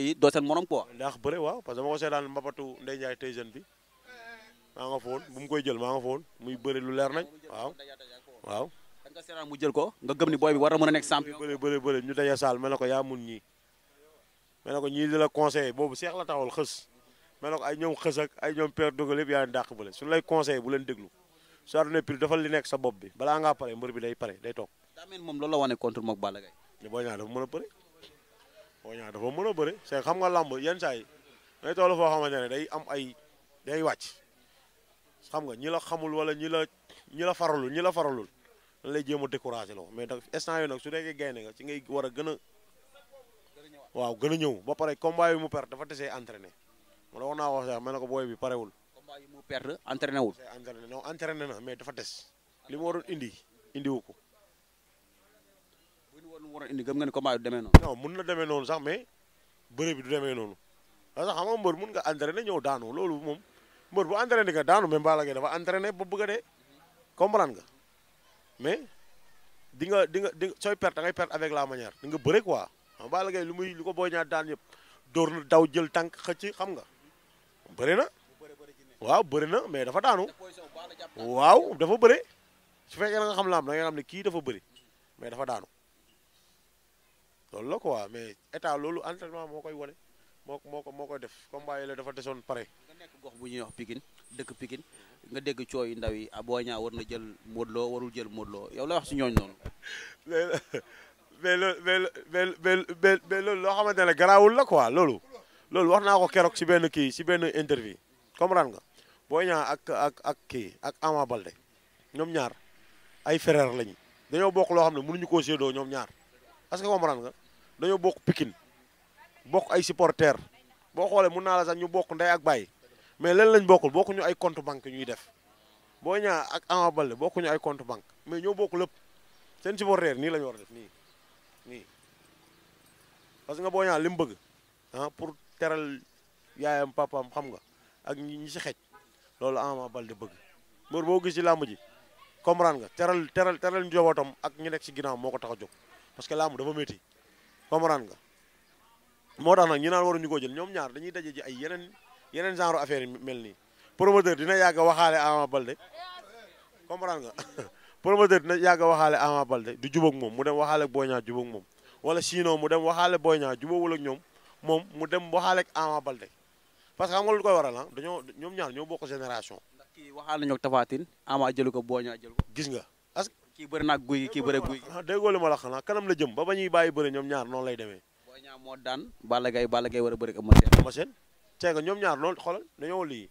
yi doo seen morom quoi. ndax bëre waaw parce que dama ko seetaan mbapatu Ndeye Ndiaye bi maa nga foon bu mu koy jël maa nga foon muy bëri lu leer nañ waaw waaw. mu jël ko nga gëm ni booy bi war na mën a nekk champion. bëri bëri bëri ñu daje saal mel na ko yaa mun ñii mel na ko ñii di la conseillé boobu la taxawal xës mel na ko ay ñoom xës ak ay ñoom père dogal yëpp yaa leen dàq bële suñu lay conseillé bu leen déglu su aduna pir dafa li nekk sa bopp bi balaa ngaa pare mbër bi day pare day toog. moom loolu la wane contre moog a boo ñaa dafa mën a bëre see xam nga làmb yenn saa yi day toll foo xamante ne day am ay day wàcc xam nga ñi la xamul wala ñi la ñi la faralul ñi la faralul dañ lay jéem a découragé loo mais nag instant yooyu nag su nekkee gaynde nga ci ngay war a gën a waaw gën a ñëw ba pare combat yi mu perte dafa desee entraîné man wax naa wax sax ma ne ko booy bi parewul combat yi mu perte entraîné wul entraîné non entraîné na mais dafa des li mu waroon indi indiwu ko woon war a indi gëm nga ne combat du demee noonu. non mun na demee noonu sax mais bëre bi du demee noonu parce que xam nga mun nga entraîné ñëw daanu loolu moom mbër bu entraîné nga daanu même Balla Gaye dafa entraîné ba bëgg a dee comprendre nga mais di nga di nga di sooy perte da ngay avec la manière di nga bëre quoi xam nga Balla Gaye lu muy lu ko booy ñaar daan yëpp dóor na daw jël tànk xëcc xam nga bëri na waaw bëri na mais dafa daanu waaw dafa bëri su fekkee nga xam laam da nga xam ne kii dafa bëri mais dafa daanu loolu la waa mais état loolu entraînement moo koy wane moo moo ko moo koy def combat yi la dafa desoon pare. nekk gox bu ñuy wax Pikine dëkk pikin nga dégg cooy ndaw yi ah Boy Niang war na jël Modou Lo warul jël Modou Lo yow la wax si ñooñ noonu. mais loo mais mais mais loolu loo xamante ne garaawul la ko waa loolu. loolu wax naa ko keroog si benn kii si benn interview comprendre nga Boy Niang ak ak ak kii ak Ama Balde ñoom ñaar ay frère lañu dañoo bokk loo xam ne mënuñu ko séedoo ñoom ñaar. est-ce que comprendre nga dañoo bokk pikin bokk ay supporters boo xoolee mun naa la sax ñu bokk ndey ak bàyyi mais leen lañ bokkul bokkuñu ay compte banque ñuy def boo ñaa ak Ama Baldé bokkuñu ay compte banque mais ñoo bokk lépp seen supporters nii la ñu war a def nii nii parce que nga boo ñaa li mu bëgg ah pour teral yaayam papaam xam nga ak ñi ci xej loolu Ama Baldé bëgg mbër boo gis ci làmb ji comprendre nga teral teral teral njabootam ak ñu nekk ci ginnaaw moo ko tax a jóg parce que laamu dafa métti comprendre nga moo tax nag ñu naan waruñu koo jël ñoom ñaar dañuy daje ji ay yeneen yeneen genre affaire yi mel nii promoteur dina yàgg a waxaale Ama Balde comprendre nga promoteur dina a waxaale Ama Balde du jubóog moom mu dem waxaale ak Boy moom wala sinon mu dem waxaale Boy Niang jubóowul ak ñoom moom mu dem waxaale ak Ama Balde parce que xam nga lu koy waral ah dañoo ñoom ñaar ñoo bokk génération. ndax kii waxaale nañu ak Tapha jëlu ko Boy gis nga kii bari naag guy kii bëri guy ah, déggoo li ma la xanaa kanam la jëm ba ba ñuy bàyyi bëri ñoom ñaar noonu lay demee Boy Niang moo daan Balla Gaye Balla Gaye war a bëri Eumeu Sène Eumeu Sène ceega ñoom ñaar noonu xoolal dañoo lii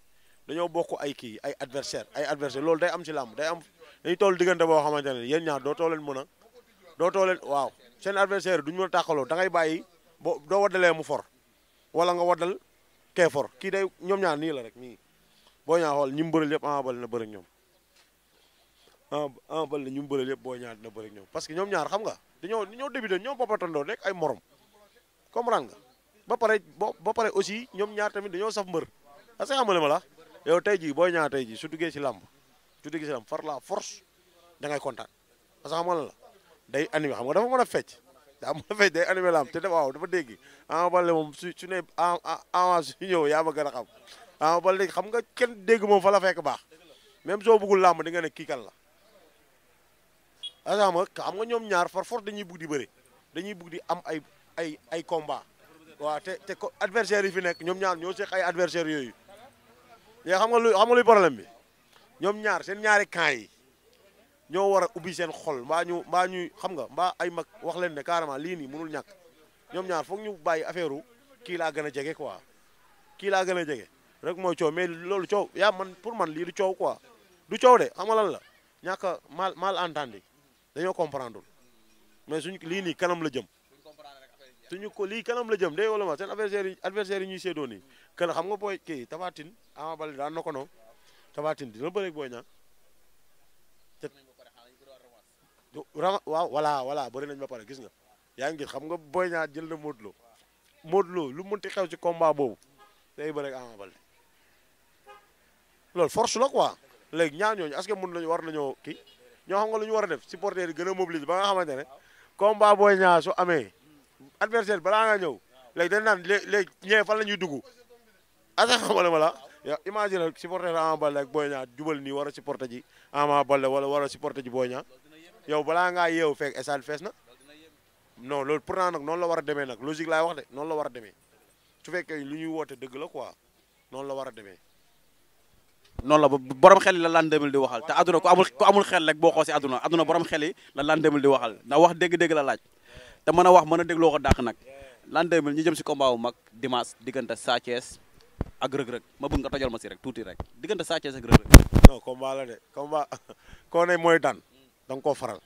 dañoo bokk ay kii ay adversaire ay adversaire loolu day am si làmb day am dañuy toll diggante boo xamante ne yéen ñaar doo too leen mën a doo too leen waaw seen adversaire duñu mën a tàqaloo da bàyyi boo doo waddalee mu for wala nga waddal kee for kii day ñoom ñaar nii la rek nii boo ñaa xool ñi mu bëral yëpp Ama Baldé na bëri ñoom Ah, ah, bal la ñu mbëral yëpp bo ñaar Pas bëri ñoom parce que ñoom ñaar xam nga dañoo ñoo débuté ñoom papatandoo nekk ay morom comprendre nga ba pare ba pare aussi ñoom ñaar tamit dañoo saf mbër parce que xamale ma la yow tey jii bo ñaar tey jii su duggee si làmb su duggee si làmb far la force da ngay kontaan parce que xamale la day animé xam nga dafa mën a fecc daa mën a fecc day animé làmb te waaw dafa dégg su su ne avant su ñëw yaa ma a xam ama balle xam nga kenn dégg fa la fekk baax même bëggul kan la agent ma xam nga ñoom ñaar par force dañuy bugg di bëre dañuy bugg di am ay ay ay combat waaw te te adversaire yi fi nekk ñoom ñaar ñoo seq ay adversaire yooyu mais xam nga lu xam nga luy problème bi ñoom ñaar seen ñaari camp yi ñoo war a ubbi seen xol mbaa ñu mbaa ñuy xam nga mbaa ay mag wax leen ne carrément lii nii mënul ñàkk ñoom ñaar foog ñu bàyyi affaire u kii laa gën a jege quoi kii laa gën a jege rek mooy coow mais loolu coow yaa man pour man lii du coow quoi du coow de xam nga lan la ñàkk a mal mal dañu comprendre mais suñu li ni kanam la jëm suñu ko li kanam la jëm day wolama sen adversaire adversaire ñuy sédo ni kan xam nga boy kii Tapha Ama bal da nako no noo dina bëreeg Boy ñaan te waaw wala voilà bëri nañ ba paré gis nga yaa ngi xam nga Boy ñaan jël na modlo Lo lu Lo lu xew ci combat bobu day bëreeg Ama bal lol force la quoi leg ñaan ñoo est-ce que mën nañu war nañoo ki. ñoo xam nga lu ñu war a def supporter yi gën a mobiliser ba nga xamante ne combat booy Niang soo amee adversaire balaa nga ñëw léegi dañ naan léegi ñee fan la ñuy dugg asa xamala ma la yow imagine supporter a Baldé ak Boy Niang jubal nii war a supporter ji Ama Baldé wala war a supporter ji Boy Niang yow balaa ngaa yeewu fekk stade fees na non loolu pourtant nag noonu la war a demee nag logique laay wax de noonu la war a demee su fekkee lu ñuy woote dëgg la quoi noonu la war a demee noonu la borom xel yi la L'An 2000 di waxal te adduna ku amul ku amul xel rek boo xoosee adduna adduna borom xel yi la L'An 2000 di waxal ndax wax dégg-dégg la laaj te mën a wax mën a dégloo ko dàq nag L'An 2000 ñu jëm si combat bu mag dimanche diggante Sa Thiès ak Reug Reug ma bëgg nga tojal ma si rek tuuti rek diggante Sa Thiès ak Reug Reug non combat la de combat koo ne mooy daan da nga faral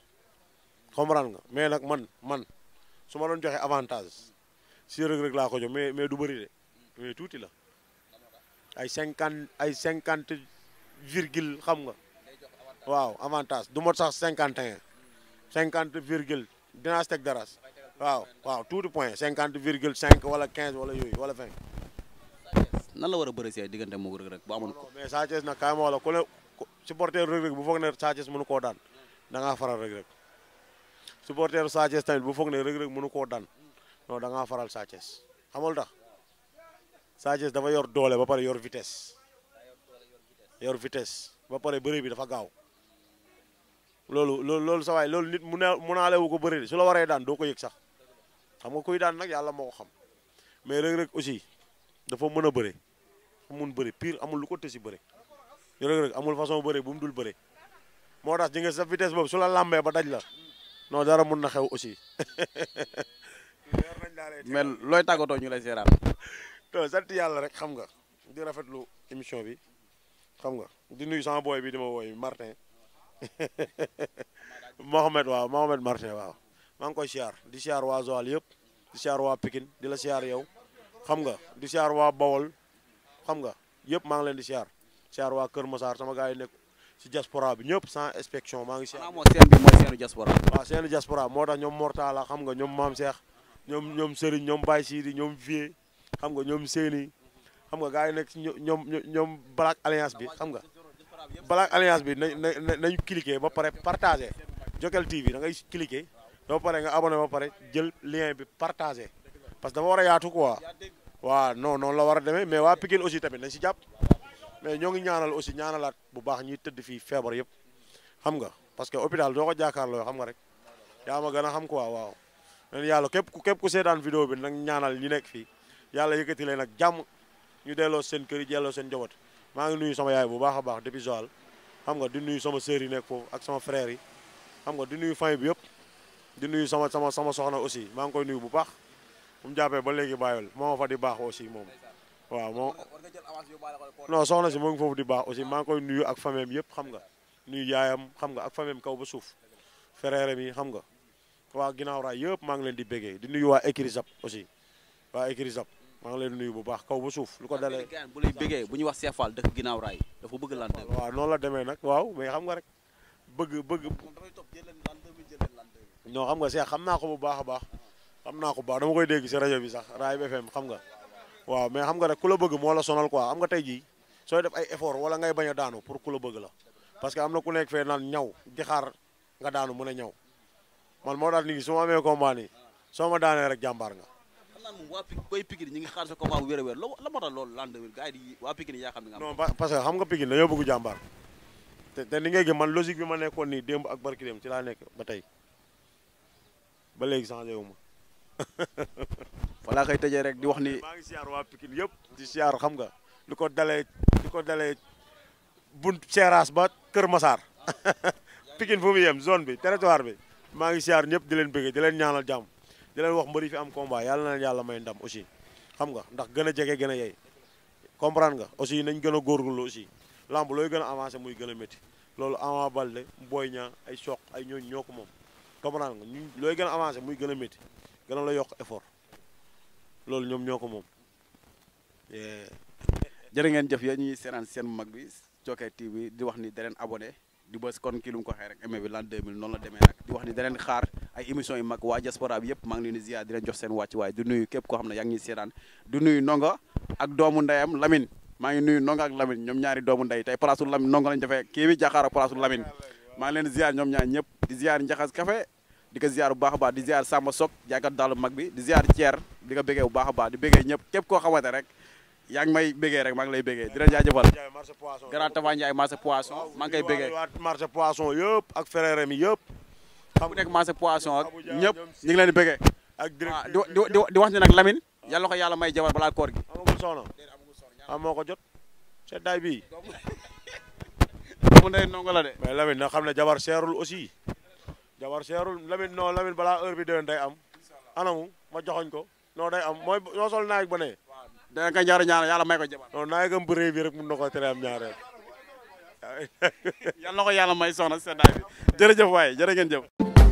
comprendre nga mais nag man man su ma doon joxe avantage si Reug Reug laa ko jox mais mais du bëri de mais tuuti la ay cinquante ay cinquante virgule xam nga waaw avantage du mot sax cinquante et un cinquante virgule dinaa si teg dara waaw waaw tuuti point cinquante virgule cinq wala quinze wala yooyu wala vingt. na la war a bëri see diggante mu Reug Reug bu amoon ko. mais Sa Thiès nag kaay wala ku ne supporter Reug Reug bu foog ne Sa Thiès mënu koo daan da faral Reug Reug supporter Sa Thiès tamit bu foog ne Reug Reug mënu koo daan non da ngaa faral Sa Thiès xamul sages dafa yor doole ba pare yor vitesse yor vitesse ba pare beure bi dafa gaaw lolou lolou loolu sa way lolou nit mu ne mu ko beure su la waré daan do ko yek sax xam nga kuy daan nak yalla moko xam mais rek rek aussi dafa meuna beure bëre mun pire amul lu ko beure bëre rek amul façon beure bu mudul dul mo tax di nga sa vitesse bob su la lambe ba daj la non dara mun na xew aussi. mel loy tagoto ñu lay to sant yàlla rek xam nga di rafetlu émission bi xam nga di nuyu sama booy bi di ma wooy Martin Mohamed waaw Mohamed Martin waaw maa ngi koy siyaar di siyaar waa Joal yëpp di siyaar waa Pikine di la siyaar yow xam nga di siyaar waa Bawol xam nga yëpp maa ngi leen di siyaar siyaar waa Kër Massar sama gars yi nekk si diaspora bi ñëpp sans inspection maa ngi siyaar moo seen bi mooy seenu diaspora waaw seenu diaspora moo tax ñoom Mortala xam nga ñoom Maam Cheikh ñoom ñoom xam nga ñoom seeni xam nga gars yi nekk ñoom ñoom Black Alliance bi xam nga Black Alliance bi nañ nañ nañ cliquer ba pare partager Jokal TV na ngay cliquer ba pare nga abonné ba pare jël lien bi partager parce que dafa war a yaatu quoi waaw non noonu la war a deme mais waa Pikine aussi tamit nañ si jàpp mais ñoo ngi ñaanal aussi ñaanalaat bu baax ñuy tëdd fii feebar yëpp xam nga parce que hôpital doo ko jàkkaarloo xam nga rek yaa ma gën a xam quoi waaw. yàlla képp ku képp ku seetaan vidéo bi nag ñaanal ñi nekk fii. yàlla yëkkati leen ak jàmm ñu delloo seen kër yi delloo seen njaboot maa ngi nuyu sama yaay bu baax a baax depuis Joal xam nga di nuyu sama sœur yi nekk foofu ak sama frère yi xam nga di nuyu famille bi yëpp di nuyu sama sama sama soxna aussi maa ngi koy nuyu bu baax bu mu jàppee ba léegi bàyyiwul moo ma fa di baax aussi moom waaw moom non soxna si moo ngi foofu di baax aussi maa ngi koy nuyu ak famille yëpp xam nga nuyu yaayam xam nga ak famille kaw ba suuf frère mi xam nga waa ginnaaw raay yëpp maa ngi leen di béggee di nuyu waa écri aussi waa écri zap maa ngi leen nuyu bu baax kaw ba suuf lu ko dalee bu lay bëggee bu ñuy wax Cheikh Fall dëkk ginnaaw raay dafa bëgg lan waaw la demee nag waaw mais xam nga rek bëgg bëgg non xam nga Cheikh xam naa ko bu baax a baax xam naa ko baax dama koy dégg si rajo bi sax raay BFM xam nga waaw mais xam nga rek ku la bëgg moo la sonal quoi xam nga tey jii sooy def ay effort wala ngay bañ a daanu pour ku la bëgg la parce que am na ku nekk fee naan ñaw di xaar nga daanu mën a ñaw man moo daal nit ñi su ma amee combat nii soo ma daanee rek jàmbaar nga naan moom waa Pikine booy Pikine ñi ngi xaar sa combat man kay rek di wax ni maa ngi siyaar waa Pikine yëpp di siyaar xam nga li ko dalee li bunt Seeraas ba Kër Masaar Pikine fu mu zone bi territoire bi ngi ñëpp di leen bëgg di leen ñaanal di len wax mbeuri fi am combat yalla na yalla may ndam aussi xam nga ndax gëna jégué gëna yey comprendre nga aussi nañ gëna a aussi lamb loy gëna avancer muy gëna metti métti avant Ama Boy Niang ay sok ay ñoo ñoko mom comprendre nga ñu looy gën a muy gëna metti gëna la yok effort loolu ñom ñoko mom euh jërë ngeen jëf yéen ñuy mag bi TV di wax ni dalen abonné di bës kon kii lu mu ko xee rek aimé bi l'an la demee nag di wax ni daneen xaar ay émission mag waa diaspora bi yëpp ngi leen di ziar di leen jox seen wàcc waaye du nuyu képp koo xam ne yaa ngi du nuyu ndongo ak doomu ndeyam Lamine maa ngi nuyu ak Lamine ñoom ñaari doomu ndey tey palaasu Lamine ndongo lañu defee kii bi jaxaar a palaasu Lamine maa ngi leen di ñoom ñaar ñëpp di ziar njaxas café di ko ziar baax a baax di ziar Samba Sok jaakat daalu mag bi di ziar Thier di ko a yaa may bégee rek maa lay bégee di la jaajëfal grand Tafa Ndiaye marché poisson maa ngi koy bégee marché poisson yëpp ak frère mi yëpp xam nekk marché poisson ak ñëpp ak ah, di wax ne nag Lamine ko yàlla may jabar balaa koor gi amagul soxna am ah, moo ko jot seddaay bii mu ne nongo la de mais na xam ne jabar seerul aussi jabar seerul Lamine non Lamine balaa heure bi déwén day am anamu ma joxoñ ko non day am mooy ñoo sol naag ba da nga jaar ñaanal yàlla may ko jabar non naa gëm bu rëy bi rek na ko tere am ñaareel yàlla na ko yàlla may soxna seddaay bi jërëjëf waaye jërë ngeen ja